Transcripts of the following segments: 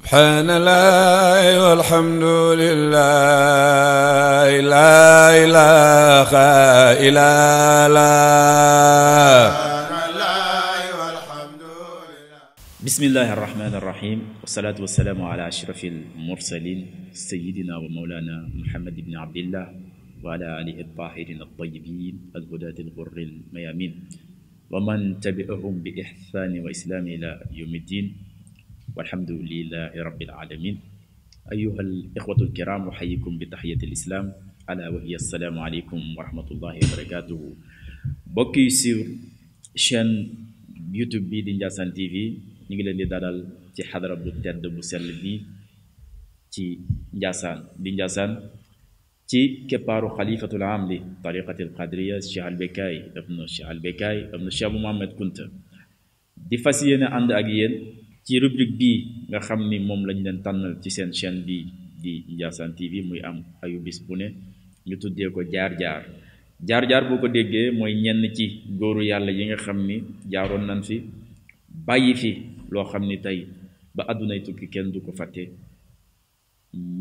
سبحان الله والحمد لله لا إله إلا الله بسم الله الرحمن الرحيم والصلاة والسلام على أشرف المرسلين سيدنا ومولانا محمد بن عبد الله وعلى آله الطاهرين الطيبين الهداة الغر الميامين ومن تبعهم بإحسان وإسلام إلى يوم الدين والحمد لله رب العالمين أيها الإخوة الكرام أحييكم بتحية الإسلام على وهي السلام عليكم ورحمة الله وبركاته بكي سير شان يوتيوب بي دي نجاسان تي في نيجي لاندي دالال تي حضره بو تيد بو سيل بي تي نجاسان دي نجاسان تي كبارو خليفه العام لي طريقه القدريه الشيخ البكاي ابن الشيخ البكاي ابن الشيخ محمد كنت دي فاسيينه اند اك ci rubrique bii nga xam ni moom lañ leen tànnal ci seen chaîne bii di Ndiassane TV muy am ayubis bu ne ñu tuddee ko jaar-jaar jaar-jaar boo ko déggee mooy ñenn ci góoru yàlla yi nga xam ni jaaroon nañ fi bàyyi fi loo xam ni tey ba àddunay tukki kenn du ko fàtte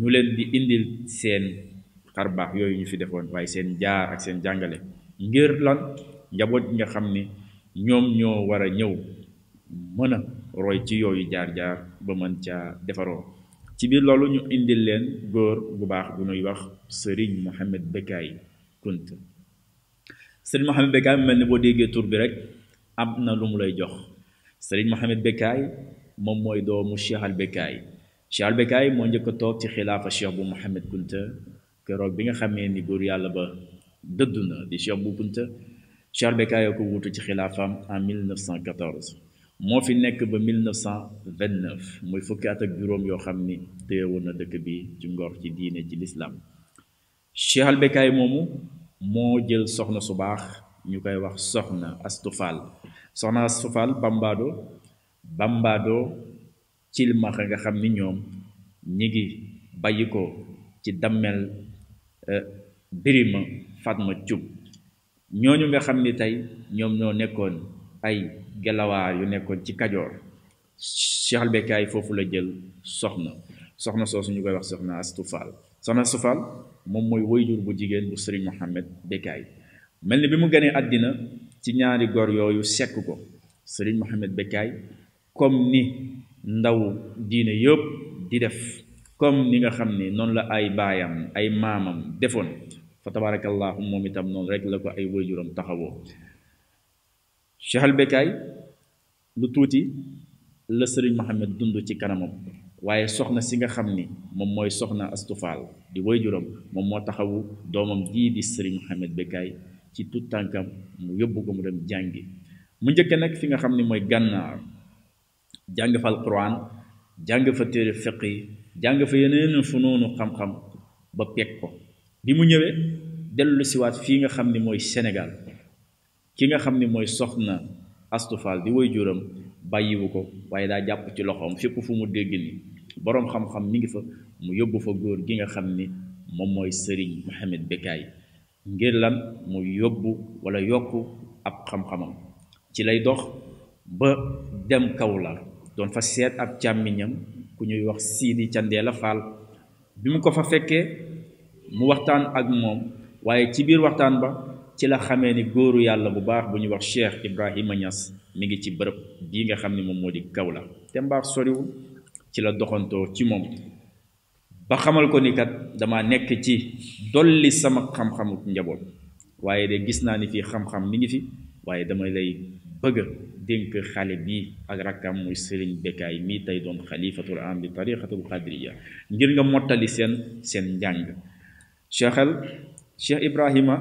ñu leen di indil seen xarbaax yooyu ñu fi defoon waaye seen jaar ak seen jàngale ngir lan njaboot nga xam ni ñoom ñoo war a ñëw mën roy ci yooyu jaar-jaar ba mën ca defaroo ci biir loolu ñu indil leen góor bu baax bu nuy wax sëriñ Mohamed Bekkaay kunt sëriñ Mohamed Bekkaay mu mel ni boo déggee tur bi rek am na lu mu lay jox sëriñ Mohamed Bekkaay moom mooy doomu Cheikh al Bekkaay Cheikh al Bekkaay moo njëkk a toog ci xilaafa Cheikh bu Mohamed Kunta keroog bi nga xamee ni góor yàlla ba dëdd na di Cheikh bu Kunta Cheikh al Bekkaay ko wuutu ci xilaafaam en 1914 moo fi nekk ba 1929 muy fukki at ak juróom yoo xam ni téye woon na dëkk bi ci ngor ci diine ci lislaam Cheikh Al moomu moo jël soxna su baax ñu koy wax soxna Astu Fall soxna Astu Fall Bambado cilmaxa nga xam ni ñoom ñi ngi bàyyi ko ci dammel e, Birima Fatma Thioub ñooñu nga xam ni tey ñoom ñoo nekkoon ay gelawaar yu nekkoon ci kajoor Cheikh Al foofu la jël soxna soxna soosu ñu koy wax soxna Astou Fall soxna moom mooy wayjur bu jigéen bu Serigne Mohamed Becaye mel ni bi mu gënee àddina ci ñaari góor yooyu sekk ko Serigne Mohamed Becaye comme ni ndaw diine yëpp di def comme ni nga xam ni noonu la ay baayam ay maamam defoon fa tabaarakallaahu moom itam noonu rek la ko ay wayjuram taxawoo Cheikh al lu tuuti la sëriñ Mohamed dund ci kanamam waaye soxna si nga xam ni moom mooy soxna astufaal di waajuram moom moo taxawu doomam jii di sëriñ Mohamed Bekaay ci tout tànkam mu yóbbu ko mu dem jàngi mu njëkk nag fi nga xam ni mooy gànnaar jàng fa alquran jàng fa téere fiq yi jàng fa yeneen fu noonu xam-xam ba peg ko bi mu ñëwee dellu siwaat fii nga xam ni mooy Sénégal ki nga xam ni mooy soxna Astou Fall di woy juram bàyyiwu ko waaye daa jàpp ci loxoom fépp fu mu dégg ni boroom xam-xam mi ngi fa mu yóbbu fa góor gi nga xam ni moom mooy sëriñ Mohamed Bekkaay ngir lan mu yóbbu wala yokk ab xam-xamam ci lay dox ba dem Kaolack doon fa seet ab càmmiñam ku ñuy wax Sidi Candeela Fall bi mu ko fa fekkee mu waxtaan ak moom waaye ci biir waxtaan ba ci la xamé ni góoru yàlla bu baax bu ñu wax Cheikh Ibrahima nias mi ngi ci bërepp bi nga xamni mom modi kawla té mbax sori wu ci la doxonto ci mom ba xamal ko ni kat dama nekk ci dolli sama xam-xamu njabot waye de gis na ni fi xam-xam mi ngi fi waye dama lay bëgg dénk xale bi ak rakam muy Serigne bekay mi tay doon khalifatul am bi tariqatul qadriya ngir nga motali sen sen njàng cheikhal Cheikh Ibrahima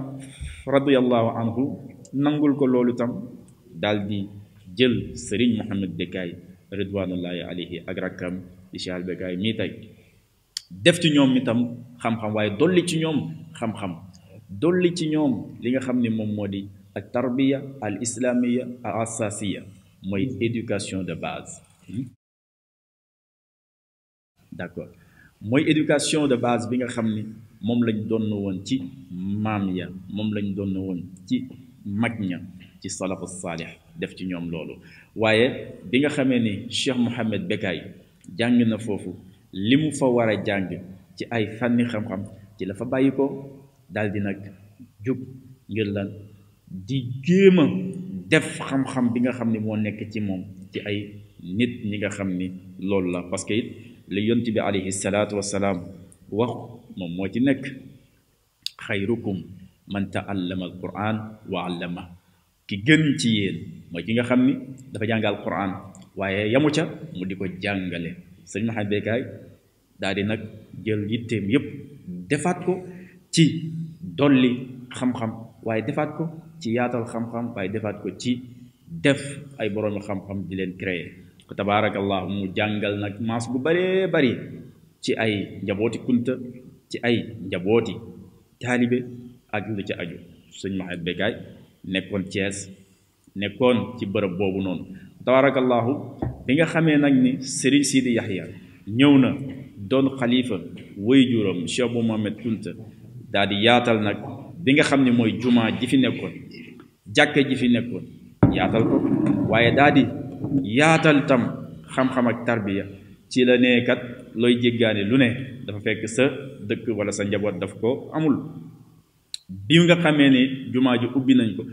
radiyallahu anhu nangul ko loolu tam daal di jël Serigne Mohamed Bekkaay ridwanullahi alayhi ak rakkam di Cheikh Bekkaay mii tey def ci ñoom itam xam-xam waaye dolli ci ñoom xam-xam dolli ci ñoom li nga xam ne moom moo di ak tarbiya al islamiya al asasiya mooy éducation de base d'accord mooy éducation de base bi nga xam ni mom lañ doon won ci mam ya mom lañ doon won ci magña ci salafu salih def ci ñom lolu waye bi nga xamé ni Cheikh mohammed bekay jàng na fofu limu fa wara jàng ci ay fànni xam-xam ci la fa bayiko daldi nak jup ngir lan di jéem def xam-xam bi nga xamni mo nek ci mom ci ay nit ñi nga xamni lool la parce que li yonti bi alayhi salatu wassalam wax moom moo ci nekk xayrukum man taallama alquran wa allama ki gën ci yéen mooy ki nga xam ni dafa jàngal alquran waaye yamu ca mu di ko jàngale sëñ Maxamed Bekkaay daal nag jël yitteem yépp defaat ko ci dolli xam-xam waaye defaat ko ci yaatal xam defaat ko ci def ay boroomi xam-xam di leen créer ko mu jàngal nag maas bu baree bari ci ay njabooti kunta ci ay njabooti taalibe ak lu ci aju sëñ Maxamed Bekkaay nekkoon cees nekkoon ci bërëb boobu noonu tabarakallahu bi nga xamee nag ni Sëriñ Sidi Yaxya ñëw na doon xalifa way juróom Cheikh bu Mohamed Kunta yaatal nag bi nga xam ne mooy jumaa ji fi nekkoon jàkk ji fi nekkoon yaatal ko waaye daal yaatal tam xam-xam ak tarbiya ci la neekat looy jéggaane lu ne dafa fekk sa dëkk wala sa njaboot daf ko amul bi nga xamee ni jumaa ji ubbi nañ ko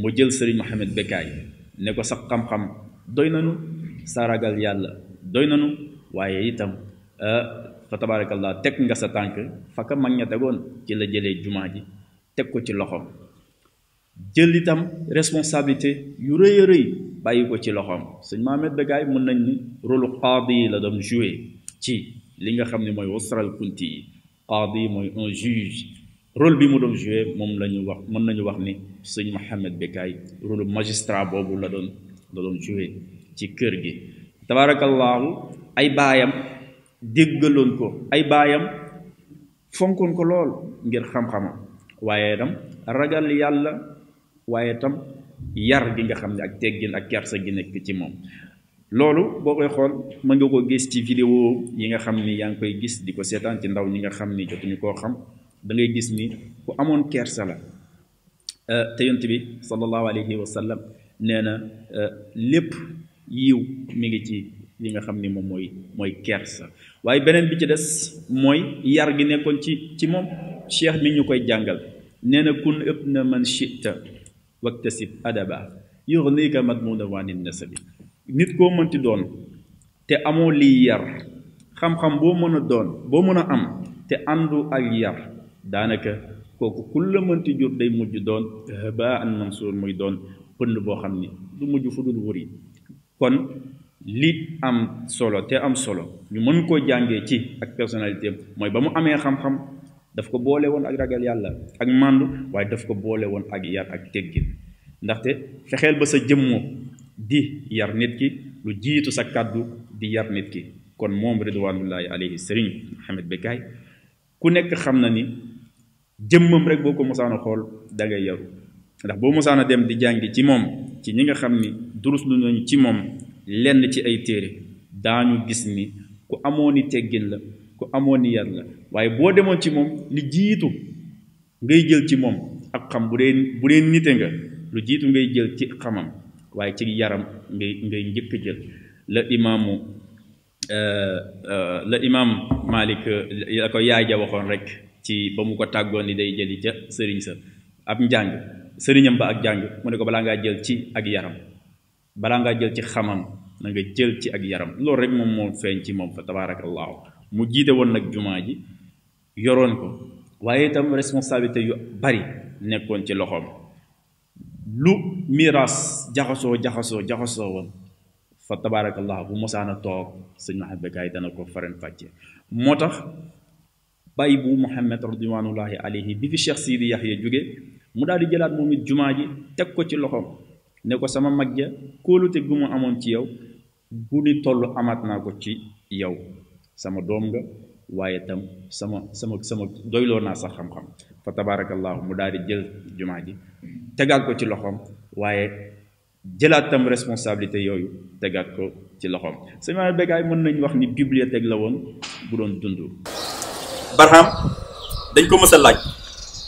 mu jël sëriñ Mohamed Bekkaay ne ko sax xam-xam doy nanu sa ragal yàlla doy nanu waaye itam euh, fa tabarakallah teg nga sa tànk faka mag ña tegoon ci la jëlee jumaa ji teg ko ci loxoom jël itam responsabilité yu rëy a rëy bàyyi ko ci loxoom sëñ Mohamed Bekkaay mën nañ ni rôle qaadi yi la doon joué ci li nga xam ne mooy wasral kunti yi قاضي موي اون جوج رول بي مودون جوي موم لا نيو واخ مون نيو واخ ني سيغ محمد بكاي رول ماجسترا بوبو لا دون لا دون جوي تي كير جي تبارك الله اي بايام ديغلون كو اي بايام فونكون كو لول غير خام خام وايي دام رجال يالا وايي تام يار ديغا خامني اك تيغين اك كارسا جي نيك تي موم loolu boo koy xool mën nga ko gis ci vidéo yi nga xam ni yaa ngi koy gis di ko seetaan ci ndaw ñi nga xam ni jotuñu koo xam da ngay gis ni ku amoon kersa la euh, te yont bi sallallahu alayhi wa sallam nee na euh, lépp yiw mi ngi ci li nga xam ni moom mooy mooy kersa waaye beneen bi ci des mooy yar gi nekkoon ci ci moom cheikh mi ñu koy jàngal nee na kun ëpp na man chita waktasib adaba yurnika madmuna wanin nasabi nit koo mënti doon te amoo lii yar xam-xam boo mën a doon boo mën a am te àndu ak yar daanaka kooku ku la mënti jur day mujj doon ba an mansuur muy doon pënd boo xam ni du mujj fu dul wuri kon li am solo te am solo ñu mën koo jàngee ci ak personnalité mooy ba mu amee xam-xam daf ko boole woon ak ragal yàlla ak màndu waaye daf ko boole woon ak yar ak teggin ndaxte fexeel ba sa jëmmoo di yar nit ki lu jiitu sa kàddu di yar nit ki kon moom ridwanullahi alayhi sëriñ Mohamed Bekkaay ku nekk xam na ni jëmmam rek boo ko mosaana xool da ngay yaru ndax boo mosaana dem di jàngi ci moom ci ñi nga xam ni durus lu nañu ci moom lenn ci ay téere daañu gis ni ku amoon ni teggin la ku amoon ni yar la waaye boo demoon ci moom li jiitu ngay jël ci moom ak xam bu dee bu dee nite nga lu jiitu ngay jël ci xamam waaye ci yaram nga ngay njëkk jël la imaamu euh, euh, la imaam Malik la ko yaay ja waxoon rek ci ba mu ko tàggoon ni day jëli ca sëriñ sa ab njàng sëriñam ba ak njàng mu ne ko balaa ngaa jël ci ak yaram balaa ngaa jël ci xamam na nga jël ci ak yaram loolu rek moom moo feeñ ci moom fa tabaarakallaahu mu jiite woon nag jumaa ji yoroon ko waaye itam responsabilité yu bari nekkoon ci loxoom lu miras jaxasoo jaxasoo jaxasoo won fa tabarakallah bu mosaan tok seigne sëñ Mahad Bekaay dana ko faren fatte motax bay bàyyi bu Mouhamed radiwanullahi alayhi bi fi Cheikh Sidi yahya jóge mu daal di jëlaat moom it ji teg ko ci loxom ne ko sama mag ja kóolute gu ci yow bu ni tollu amat na ko ci yow sama dom nga waye tam sama sama sama doylo na sax xam-xam fa tabarakallah mu daal di jël ji tegaat ko ci loxoom waaye jëlaatam tam responsabilité yooyu tegaat ko ci loxoom sëñ Mame Becaye mën nañ wax ni bibliothèque la woon bu doon dund Barham dañ ko mës a laaj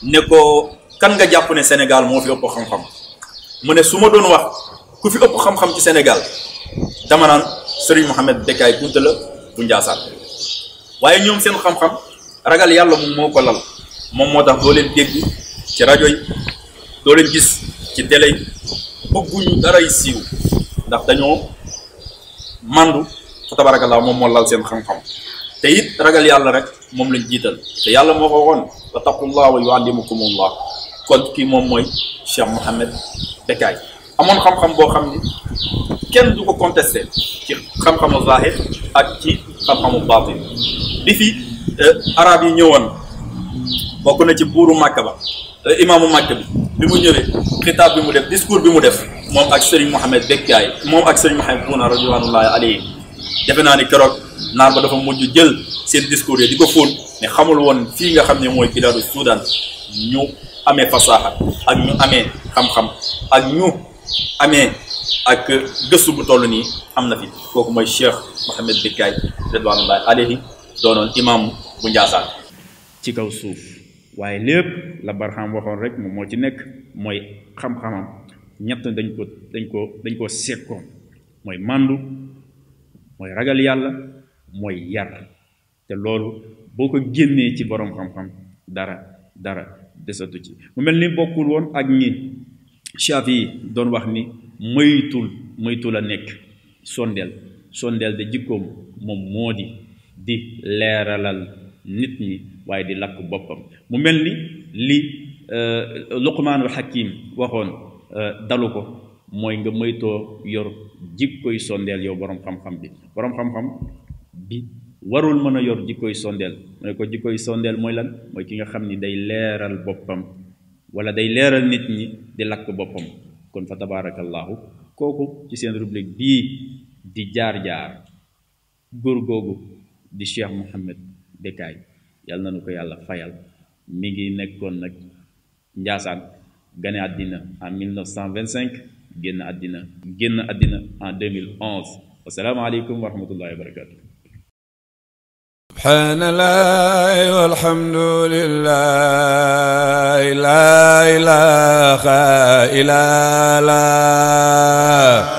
ne ko kan nga jàpp ne Sénégal moo fi ëpp xam-xam mu ne su ma doon wax ku fi ëpp xam-xam ci Sénégal dama naan Serigne Mohamed Becaye Kounta la bu Njaasaan waaye ñoom seen xam-xam ragal yàlla moom moo ko lal moom moo tax doo leen dégg ci rajo yi doo leen gis ci délai bëgguñu yi siiw ndax dañoo mandu fa tabarakallah moom moo lal seen xam-xam te it ragal yàlla rek moom lañ jiital te yàlla moo ko woon wa taqullah wa yuallimukumullah kon ki moom mooy Cheikh mohammed Becaye amoon xam-xam boo xam ni kenn du ko contesté ci xam-xamu zahir ak ci xam-xamu batin bi fi arab yi ñëwoon bokk na ci buuru màkka ba imaamu màkka bi bimu ñëwé ñëwee xitaab bi def discours bimu def mom ak Serigne mohammed bekkay mom ak Serigne mohammed Bouna radhiyallahu alayhi defe na ni kérok nar ba dafa muju jël seen discours yi diko fon fóon ne xamul won fi nga xamné moy mooy Soudan ñu amé fasaha ak ñu amé xam-xam ak ñu amé ak gëstu bu tollu ni amna fi koku moy Cheikh mohammed bekkay radhiyallahu alayhi donon imam bu Njaasaan ci kaw souf waaye lépp la barxam waxoon rek moom moo ci nekk mooy xam-xamam ñett dañ ko dañ ko dañ koo sekkoon mooy màndu mooy ragal yàlla mooy yar te loolu boo ko génnee ci boroom xam-xam dara dara desatu ci mu mel ni bokkul woon ak ñi Shaafi yi doon wax ni moytul moytul a nekk sondeel sondeel da jikkoom moom moo di di leeralal nit ñi waaye di lakk boppam mu mel ni li luqmaanul xakim waxoon dalu ko mooy nga moytoo yor jikkoy sondeel yow borom xam-xam bi borom xam-xam bi warul mën a yor jikkoy sondeel mu ne ko jikkoy sondeel mooy lan mooy ki nga xam ni day leeral boppam wala day leeral nit ñi di lakk boppam kon fa tabaarakallaahu kooku ci seen rubrique bii di jaar-jaar góor googu di Cheikh Mouhamed Becaye yal na nu ko yàlla fayal mi ngi nekkoon nag njaasaan gane àddina en 1925 génn àddina génn àddina en 2011 wasalaamaaleykum wa rahmatullahi wa barakatuh سبحان الله والحمد لله لا إله إلا الله